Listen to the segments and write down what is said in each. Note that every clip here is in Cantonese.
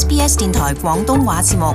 SBS 電台廣東話節目，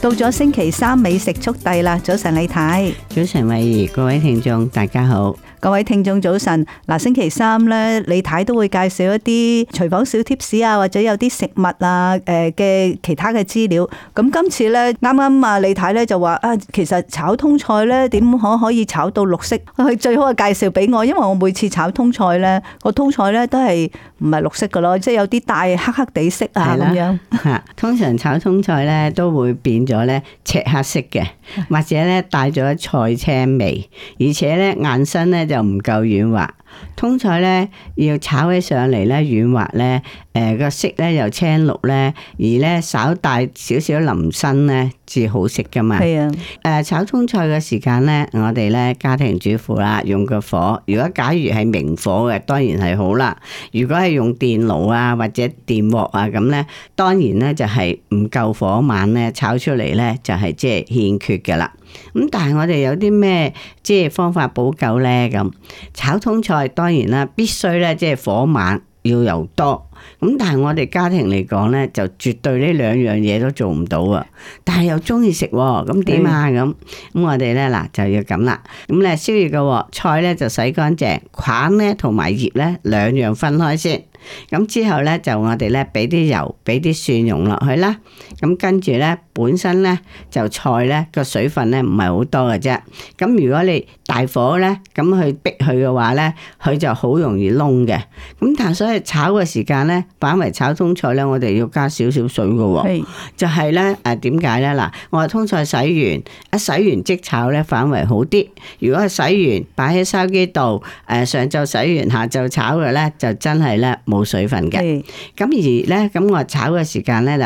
到咗星期三美食速遞啦！早晨李太，早晨慧怡，各位聽眾大家好。各位聽眾早晨，嗱，星期三咧，李太都會介紹一啲廚房小 tips 啊，或者有啲食物啊，誒嘅其他嘅資料。咁今次咧，啱啱啊，李太咧就話啊，其實炒通菜咧點可可以炒到綠色，佢最好係介紹俾我，因為我每次炒通菜咧，個通菜咧都係。唔係綠色嘅咯，即係有啲帶黑黑地色啊咁樣。嚇的， 通常炒通菜咧都會變咗咧赤黑色嘅，或者咧帶咗菜青味，而且咧硬身咧就唔夠軟滑。通菜咧要炒起上嚟咧軟滑咧，誒、呃、個色咧又青綠咧，而咧稍帶少少淋身咧至好食噶嘛。係啊的，誒、呃、炒通菜嘅時間咧，我哋咧家庭主婦啦用個火，如果假如係明火嘅，當然係好啦。如果係用電爐啊或者電鑊啊咁咧，當然咧就係唔夠火猛咧，炒出嚟咧就係即係欠缺噶啦。咁但係我哋有啲咩即係方法補救呢？咁炒通菜當然啦，必須咧即係火猛，要油多。咁但係我哋家庭嚟講呢，就絕對呢兩樣嘢都做唔到啊！但係又中意食，咁點啊？咁咁唉我哋呢，嗱就要咁啦。咁你燒熱嘅鑊，菜呢就洗乾淨，梗呢同埋葉呢兩樣分開先。咁之後咧，就我哋咧俾啲油，俾啲蒜蓉落去啦。咁、嗯、跟住咧，本身咧就菜咧個水分咧唔係好多嘅啫。咁、嗯、如果你大火咧，咁去逼佢嘅話咧，佢就好容易燶嘅。咁、嗯、但係所以炒嘅時間咧，反為炒通菜咧，我哋要加少少水嘅喎、哦。是就係咧，誒點解咧？嗱，我話通菜洗完一洗完即炒咧，反為好啲。如果係洗完擺喺筲箕度，誒上晝、呃、洗完下晝炒嘅咧，就真係咧。冇水分嘅，咁的而咧，咁我炒嘅時間咧就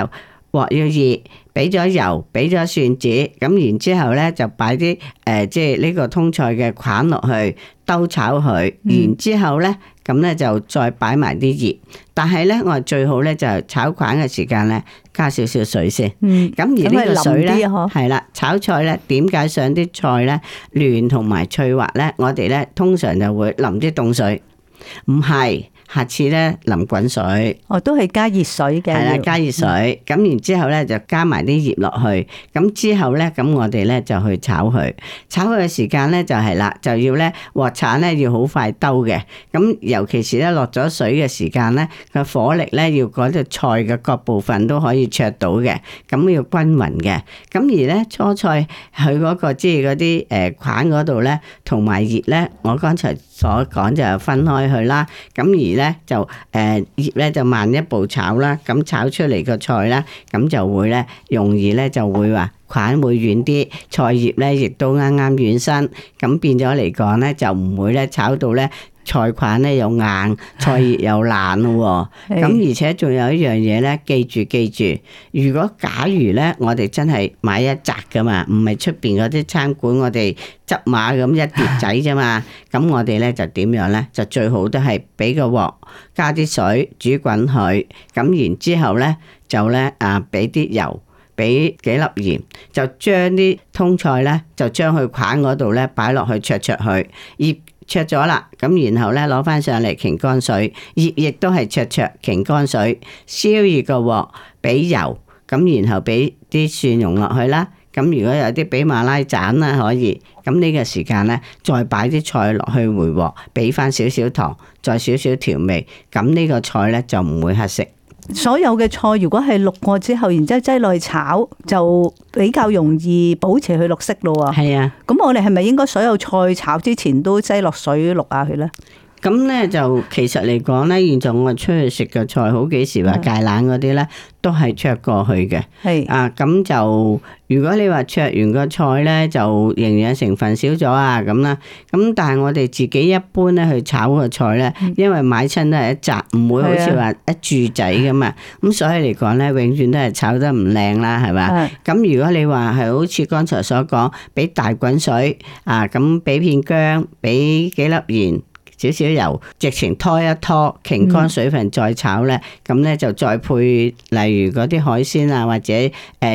鑊要熱，俾咗油，俾咗蒜子，咁然之後咧就擺啲誒，即係呢個通菜嘅梗落去兜炒佢，然之後咧，咁咧就再擺埋啲熱。但係咧，我最好咧就炒梗嘅時間咧加少少水先。咁、嗯、而呢個水咧係啦，炒菜咧點解上啲菜咧嫩同埋脆滑咧？我哋咧通常就會淋啲凍水，唔係。下次咧淋滾水，哦，都係加熱水嘅，係啦，加熱水，咁、嗯、然後呢之後咧就加埋啲葉落去，咁之後咧咁我哋咧就去炒佢，炒佢嘅時間咧就係、是、啦，就要咧鑊鏟咧要好快兜嘅，咁尤其是咧落咗水嘅時間咧個火力咧要嗰隻菜嘅各部分都可以灼到嘅，咁要均勻嘅，咁而咧初菜佢嗰、那個即係嗰啲誒款嗰度咧，同埋葉咧，我剛才。所講就係分開去啦，咁而呢，就誒、呃、葉呢就慢一步炒啦，咁炒出嚟個菜呢，咁就會呢，容易呢就會話款會軟啲，菜葉呢亦都啱啱軟身。咁變咗嚟講呢，就唔會呢炒到呢。菜菌咧又硬，菜葉又爛咯喎。咁 而且仲有一樣嘢咧，記住記住。如果假如咧，我哋真係買一扎噶嘛，唔係出邊嗰啲餐館，我哋執馬咁一碟仔啫嘛。咁 我哋咧就點樣咧？就最好都係俾個鑊，加啲水煮滾佢。咁然之後咧，就咧啊俾啲油，俾幾粒鹽，就將啲通菜咧，就將佢菌嗰度咧擺落去灼灼佢，熱。灼咗啦，咁然後咧攞翻上嚟擎乾水，葉亦都係灼灼擎乾水，燒熱個鑊，俾油，咁然後俾啲蒜蓉落去啦，咁如果有啲俾馬拉盞啦可以，咁、這、呢個時間咧再擺啲菜落去回鑊，俾翻少少糖，再少少調味，咁、這、呢個菜咧就唔會乞食。所有嘅菜如果係渌過之後，然之後擠落去炒，就比較容易保持佢綠色咯喎。係啊，咁我哋係咪應該所有菜炒之前都擠落水渌下佢呢？咁咧就其實嚟講咧，現在我出去食嘅菜，好幾時話芥蘭嗰啲咧，都係焯過去嘅。係是啊，咁就如果你話焯完個菜咧，就營養成分少咗啊，咁啦。咁但係我哋自己一般咧去炒個菜咧，嗯、因為買親都係一扎，唔會好似話一柱仔㗎嘛。咁、啊、所以嚟講咧，永遠都係炒得唔靚啦，係咪？咁是如果你話係好似剛才所講，俾大滾水啊，咁俾片薑，俾幾粒鹽。少少油，直情拖一拖，擎乾水分再炒咧，咁咧、嗯、就再配例如嗰啲海鮮啊，或者誒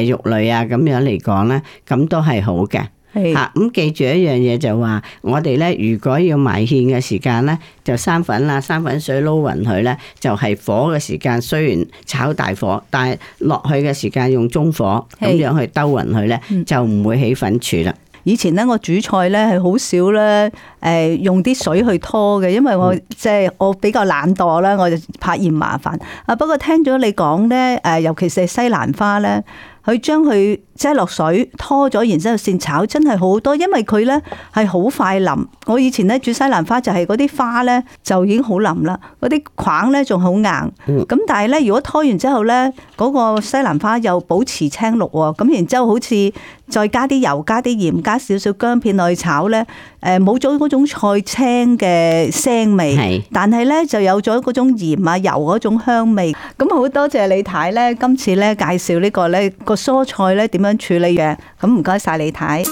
肉類啊咁樣嚟講咧，咁都係好嘅。係吓是，咁、啊嗯、記住一樣嘢就話，我哋咧如果要埋芡嘅時間咧，就生粉啦，生粉水撈勻佢咧，就係、是、火嘅時間雖然炒大火，但係落去嘅時間用中火咁樣去兜勻佢咧，是嗯、就唔會起粉柱啦。以前咧，我煮菜咧係好少咧，誒用啲水去拖嘅，因為我即係我比較懶惰啦，我就怕嫌麻煩。啊，不過聽咗你講咧，誒尤其是西蘭花咧。佢將佢擠落水拖咗，然之後先炒，真係好多。因為佢呢係好快腍。我以前咧煮西蘭花就係嗰啲花呢，就已經好腍啦，嗰啲框呢仲好硬。咁但係呢，如果拖完之後呢，嗰個西蘭花又保持青綠喎。咁然之後好似再加啲油、加啲鹽、加少少薑片落去炒呢。誒，冇咗嗰種菜青嘅腥味，的但係呢就有咗嗰種鹽啊油嗰種香味。咁好多謝李太呢。今次呢介紹呢，呢個呢，呢個蔬菜呢點樣處理嘅。咁唔該晒李太。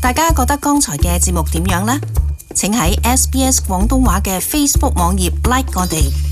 大家覺得剛才嘅節目點樣呢？請喺 SBS 廣東話嘅 Facebook 網頁 like 我哋。